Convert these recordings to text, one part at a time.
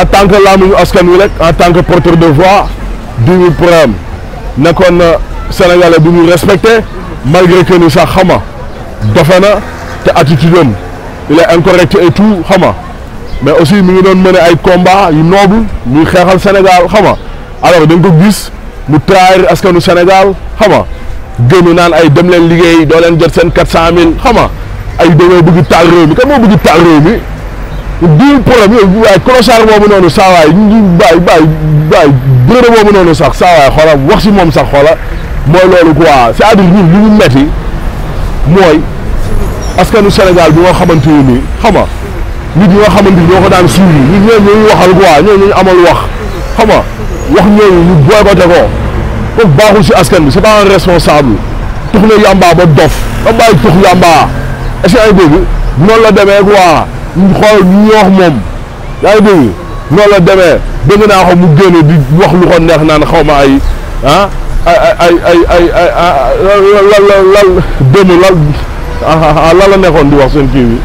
en tant que laamuñu askan wi rek en tant que porteur de voix du ñu ne kon na sénégalais bu ñu respecté malgré que ni sax xama dofe na te attitude am il est incorrect et tout xama mais aussi mu ngi doon mën ay combat yu noble muy xeexal Sénégal xama alors dañ ko gis mu trahir askanu Sénégal xama gënu naan ay dem leen liggéey doo leen jot seen quatre cent mille xama ay demee bëgg taal réew mi kan moo bëgg taal réew mi diw problème yooyu waaye clochard boobu noonu saa waay ñu bàyyi bàyyi bàyyi bërëb boobu noonu sax saa waay xoola wax si moom sax xoola mooy loolu quoi c'est-à-dire ñun li ñu metti mooy askanu Sénégal bi nga xamante ni nii xam nga nit ñi nga xamante ni ñoo ko daan suivi nit ñooñu ñooñu waxal quoi ñooñu ñu amal wax xam nga wax ñooñu ñu boycotté ko baaxul si askan bi c'est pas un responsable tux na yamba ba dof ba bàyyi tux yamba est-ce que ay la demee quoi. ñu xool ñu ñuy wax moom yaa ngi dégg la demee dégg naa ko mu génn di wax lu ko neex naan xaw ma ay ah ay ay ay ay ay lal ah, lal lal démb lal ah lan la nekkoon di wax seen kii bi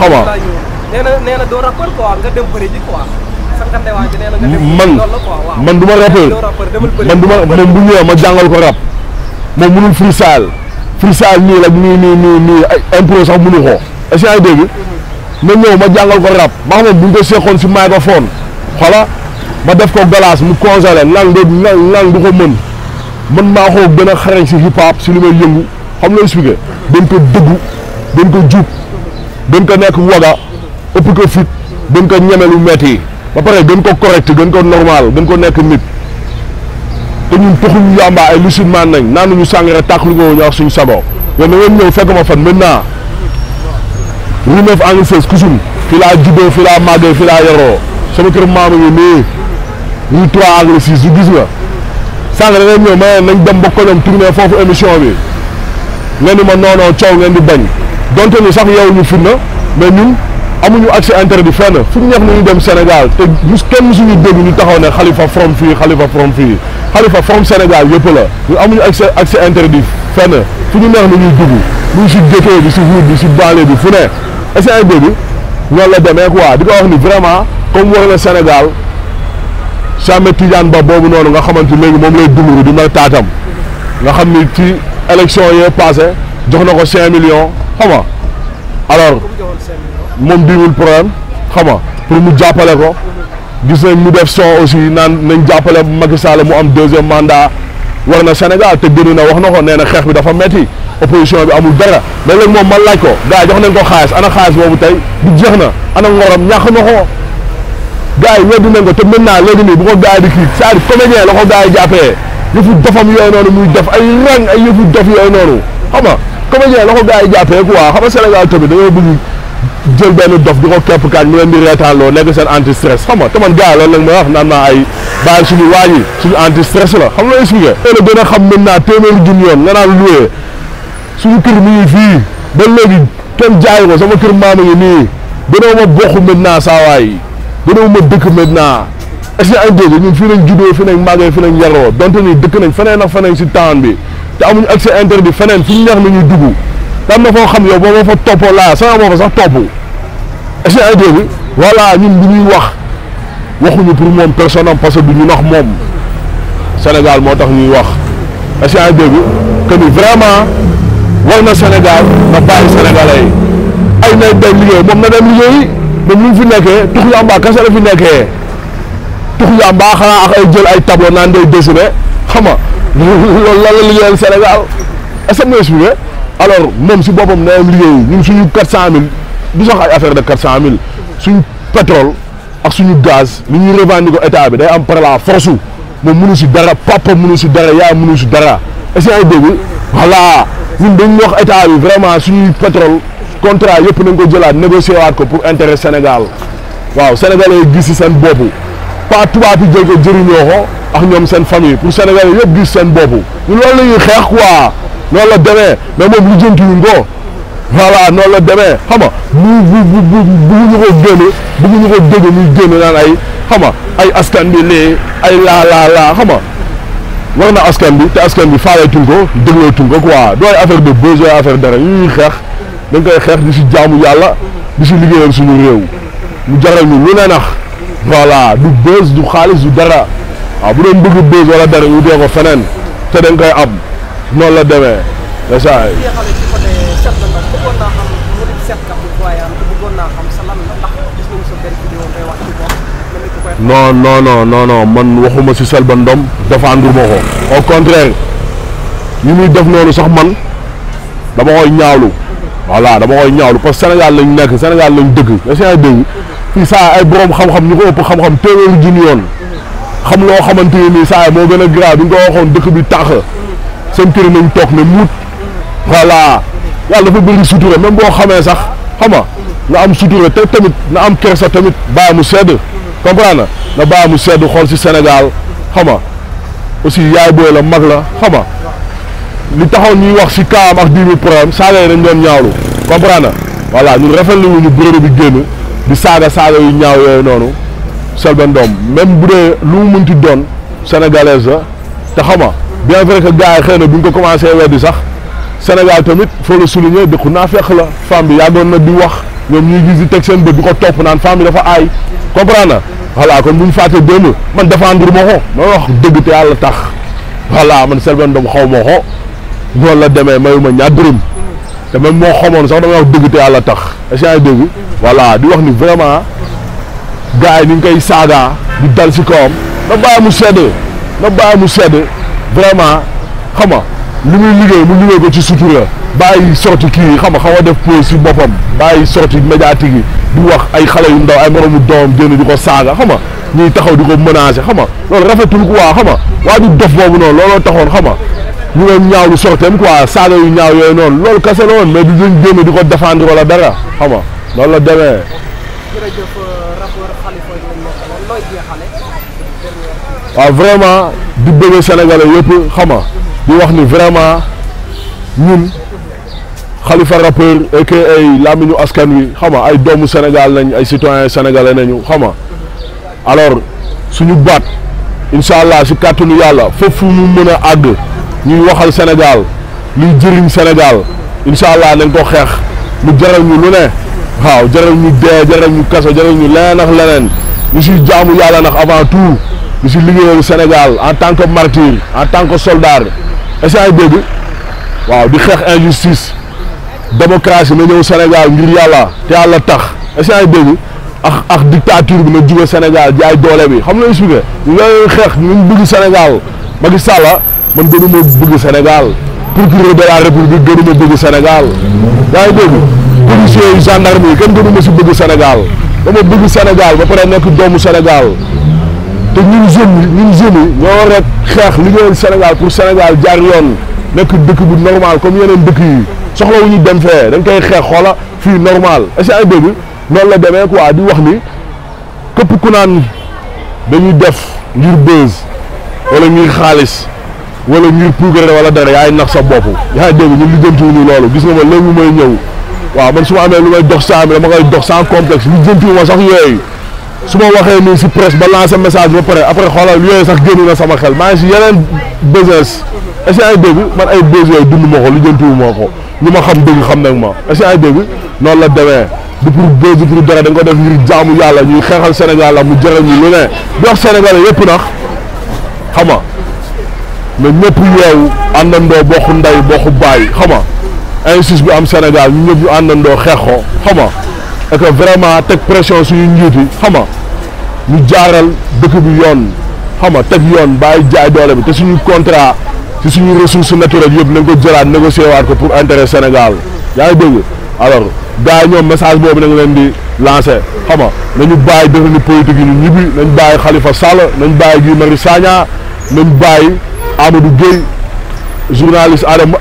xaw ma. nee ji quoi. man man du ma rappeur man du ma man bu ñëwee ma jàngal ko rap moom mënul freestyle freestyle nii la nii nii nii nii impro sax mënu ko est-ce que yaa ngi na ñëw ma jàngal ko rap ma xam ne bu ñu ko seqoon si microphone xoola ma def ko glace mu congelé nang de nang du ko mën man maa ko gën a xarañ si hip hop si li may yëngu xam nga expliqué dañ ko dëggu dañ ko jub dañ ko nekk waga ëpp ko fit dañ ko ñeme lu metti yi ba pare gën ko correct gën ko normal gën ko nekk nit te ñun toxuñu yamba ay musulman nañ naanuñu sàngara tàq lu ñu wax suñu sago yow na ngeen ñëw fekk ma fan maintenant rue neuf angle seize Kousoum fi laa juddoo fi laa màggee fi laa yaroo sama kër maam ngi nii rue trois angle six gis nga sàngara ngeen ñëw ma nañ dem ba koñom foofu émission bi ngeen di ma noonoo coow ngeen di bañ donte ñu sax yow ñu firna mais ñun amuñu accès interdit fenn fu ñu ñeex nañu dem Sénégal te mus kenn musuñu dégg ñu taxaw ne xalifa from fii Xalifa forum Sénégal yëpp la ñu amuñu accès accès interdit fenn fu ñu neex na ñuy dugg muy si dëkkee bi si wuut bi si banlieue bi fu ne SAED bi noonu la demee ko quoi di ko wax ni vraiment comme war na Sénégal Cheikh Tidiane Ba boobu noonu nga xamante léegi moom lay dunduru di may taatam nga xam ni ci élection yee passé jox na ko cinq millions xam alors moom diwul problème xam nga pour mu jàppale ko gis nañ mu def son aussi naan nañ jàppale Macky Sall mu am deuxième mandat war na senegal te gënu na wax na ko nee na xeex bi dafa metti opposition bi amul dara mais léegi moom ma laaj ko gars yi jox nañ ko xaalis ana xaalis boobu tey du jeex na ana ngorom ñàkk na ko gars yi weddi nañ ko te maintenant léegi nii bu ko gars yi di kii c'est-à-dire comédien la ko gars yi jàppee dofam yooyu noonu muy def ay rang ay yëfu dof yooyu noonu xam nga comédien la ko gars yi jàppee quoi xam nga Sénégal tamit dañoo jël benn dof di ko képp kaat mu leen di reetaanloo nekk seen anti stress xam nga te man gars loolu nag ma wax naa ay bàyyi suñu waa yi suñu anti stress la xam nga looy expliqué. tey nag dina xam maintenant téeméeri kër mi fii ba léegi kenn jaay ko sama kër maam ngi nii gënoo ma bokk maintenant saa waay gënoo ma dëkk maintenant est ce que ay dégg ñun fii lañ juddoo fii lañ màggee fii lañ yaroo donte ni dëkk nañ si temps bi te amuñu accès interdit feneen fi ñu neex la ñuy dugg am na foo xam yow boo ma fa toppoo laa sama moo fa sax topp est-ce que ay dégg voilà ñun bu ñuy wax waxuñu pour moom personne am parce que du ñu nax moom Sénégal moo tax ñuy wax est-ce que ay dégg que vraiment war na Sénégal na bàyyi Sénégalais yi ay nay dem liggéey moom na dem liggéey moom ñu fi nekkee tux yàmbaa kese la fi nekkee tux yàmbaa xanaa ak ay jël ay tableau naan day dessiné xam nga loolu la liggéeyal Sénégal est-ce que mooy alors moom si boppam na dem liggéey ñun suñu 400000. du sax ay affaire de quatre cent mille suñu pétrole ak suñu gaz li ñuy ko état bi day am par la force su moom mënu si dara papa munu si dara yaay mënu si dara est-ce que ay dégg voilà ñun dañ wax état bi vraiment suñuy pétrole contrat yëpp nañ ko jëlaat négocier waat ko pour intérêt Sénégal waaw sénégalais yi gis si seen bopp pas tubaab yi jël ko jëriñoo ko ak ñoom seen famille pour sénégalais yëpp gis seen bopp ñun loolu la ñuy xeex quoi loolu la demee mais moom lu jëntiwuñ voilà noonu la demee xam nga bu bu ko génne bëgguñu ko génne naan ay xam ay askan bi ay laa laa laa xam nga war na askan bi te askan bi faaleetuñ ko déglootuñ ko quoi dooy affaire de besoin affaire dara yu ñuy xeex dañ koy xeex di si jaamu yàlla di si liggéeyal suñu réew mu jaral ñu lu ne nax voilà du bës du xaalis du dara waaw bu doon bëgg bës wala dara ñu dee feneen te dañ koy am noonu la demee. bëggoon naa xam non non non man waxuma si Selbé Ndom défendre ko au contraire ñu muy def noonu sax man dama koy ñaawlu voilà dama koy ñaawlu parce Sénégal lañ nekk Sénégal lañ dëgg da seen dëgg fii saa ay borom xam-xam ñu ko ëpp xam-xam téeméeri junni xam loo xamante ni nii saa moo gën a grave bi nga ko waxoon dëkk bi tax seen kër nañ toog ne muut voilà yàlla dafa bëri sutura même boo xamee sax xam nga nga am sutura te tamit na am kersa tamit bàyyi mu sedd comprendre na bàyyi mu sedd xool si Sénégal xam aussi yaay booy la mag la xam nga li taxoon ñuy wax si kaam ak dix mille problème saaga yi dañ doon ñaawlu comprendre na voilà ñun rafetlu wuñu bureau bi génn di saaga saaga yu ñaaw yooyu noonu Selbé doom même bu dee lu mu mun ti doon sénégalaise la te xam nga bien vrai que gars yi xëy na bu ñu ko commencé weddi sax Sénégal tamit faut le souligner dëkku naa fekk la femme bi yàggoon na di wax ñoom ñuy gis teg seen bët di ko topp naan femme bi dafa aay comprendre na voilà kon bu ñu fàtte démb man défendre ma ko wax dëgg te yàlla tax voilà man Selbé mu xaw ma ko noonu la demee mayuma ñaar dërëm te même moo xamoon sax dama wax dëgg te yàlla tax échange dëgg voilà di wax ni vraiment gars yi ni ñu koy saagaa di dal si kawam na bàyyi mu sedd na bàyyi mu sedd vraiment xam nga li muy liggéey mu liggéey ko ci sutura bàyyi sorti kii xam nga xaw a def pause si boppam bàyyi sorti médiatique yi di wax ay xale yu ndaw ay moromu doomam génn di ko saaga xam nga ñuy taxaw di ko menacer xam nga loolu rafetul quoi xam nga waa ju dof boobu noonu looloo taxoon xam nga ñu doon ñaawlu sorteem quoi saaga yu ñaaw yooyu noonu loolu kese la woon mais du génn di ko défendre wala dara xam nga loolu la demee. jërëjëf euh, vraiment di bëgg Sénégalais yëpp xam nga di wax ni vraiment ñun Khalifa rappeur ak ay làmmiñu askan wi xam nga ay doomu Sénégal nañ ay citoyens sénégalais nañu xam nga alors suñu baat incha allah si kàttanu yàlla fu mu mën a àgg ñuy waxal Sénégal luy jëriñ Sénégal incha allah nañ ko xeex mu jaral ñu lu ne waaw jaral ñu dee jaral ñu kaso jaral ñu leneen nax leneen ñu siy jaamu yàlla ndax avant tout ñu si liggéeyal Sénégal en tant que martyr en tant que soldat. essai dégg waaw di xeex injustice démocratie na ñëw Sénégal ngir yàlla te yàlla tax essai dégg ak ak bi na jóge Sénégal jaay doole bi xam na expliqué loolu xeex ñu bëgg Sénégal Macky Sall man gënuma bëgg Sénégal procureur de la république gënuma bëgg Sénégal yaa ngi dégg policiers yi gendarme yi kenn gënuma si bëgg Sénégal dama bëgg Sénégal ba pare nekk doomu Sénégal te ñun jeunes ñun jeunes yi ñoo war a xeex liggéeyal Sénégal pour Sénégal jaar yoon nekk dëkk bu normal comme yeneen dëkk yi soxlawu ñu dem fee dañ koy xeex xoola fii normal est-ce que ay dégg noonu la demee quoi di wax ni képp ku naan dañuy def ngir buzz wala ngir xaalis wala ngir puugare wala dara yaay nax sa bopp yaay dégg ñun lijjantiwuñu loolu gis nga ma léegi may ñëw waaw man su ma amee lu may dox saa mi dama koy dox sans complexe lijjantiwu ma sax yooyu. su ma waxee nii si presse ba lancer message ba pare après xoolal yooyu sax génn na sama xel maa ngi yeneen business est-ce que ay dégg man ay bés dund ma ko lu jëntuwu ma ko ñu ma xam dégg xam nag ma est-ce ay dégg noonu la demee du pour bés du pour da nga ko def ngir jaamu yàlla ñuy xeexal Sénégal la mu jëral ñu lu ne di wax Sénégal yëpp nax xam nga mais ñëpp yeewu àndandoo bokk ndey bokk baay xam nga injustice bi am Sénégal ñu ñëpp ñu àndandoo xeex ko xam et vraiment teg pression suñu njiit yi xam nga ñu jaaral dëkk bi yoon xam nga teg yoon bàyyi jaay doole bi te suñu contrat si suñu ressource naturelle yëpp nañ ko jëlaat négocier waat ko pour intérêt Sénégal yaa ngi dégg alors gars ñoom message boobu na leen di lancé xam nga nañu bàyyi defe ni politique yi ñu ñibbi nañ bàyyi Khalifa Sall nañ bàyyi Guy Marius Sagna nañ bàyyi a a a Adama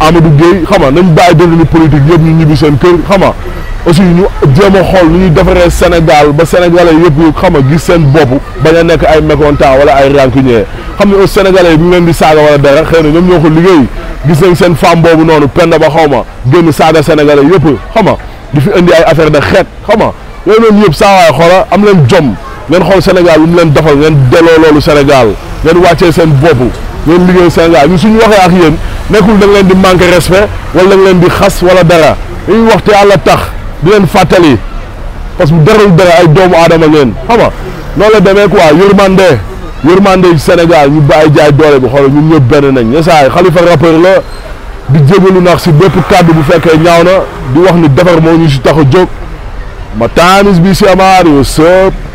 Amadou Gueye xam a nañ bàyyi defe ni politique yëpp ñu ñibbi seen kër xam nga aussi ñu jéem a xool nu ñuy defaree Sénégal ba sénégalais yëpp xam a gis seen bopp bañ a nekk ay mécontent wala ay rancunier xam ne aussi sénégalais bu ñu leen di saaga wala dara xëy na ñoom ñoo ko liggéey gis nañ seen femme boobu noonu penda xaw ma génn saaga sénégalais yëpp xam nga di fi indi ay affaire de xeet xam nga saa waay xoola am leen jom ngeen xool Sénégal lu mu leen defal ngeen delloo loolu Sénégal ngeen wàccee seen bopp ngeen liggéey Sénégal ñun suñu waxee ak yéen nekkul da leen di manquer respect wala da leen di xas wala dara dañuy wax te yàlla tax di leen fàttali parce que darul dara ay doomu aadama ngeen xam nga noonu la demee quoi yërmande yërmande Sénégal ñu bàyyi jaay doole bi xool ñun ñëpp benn nañ yesaay Khalifa rappeur la di jégalu nax si bépp kàddu bu fekkee ñaaw na di wax ni defar moo ñu si tax a ma taanis bi si amaar yow sëpp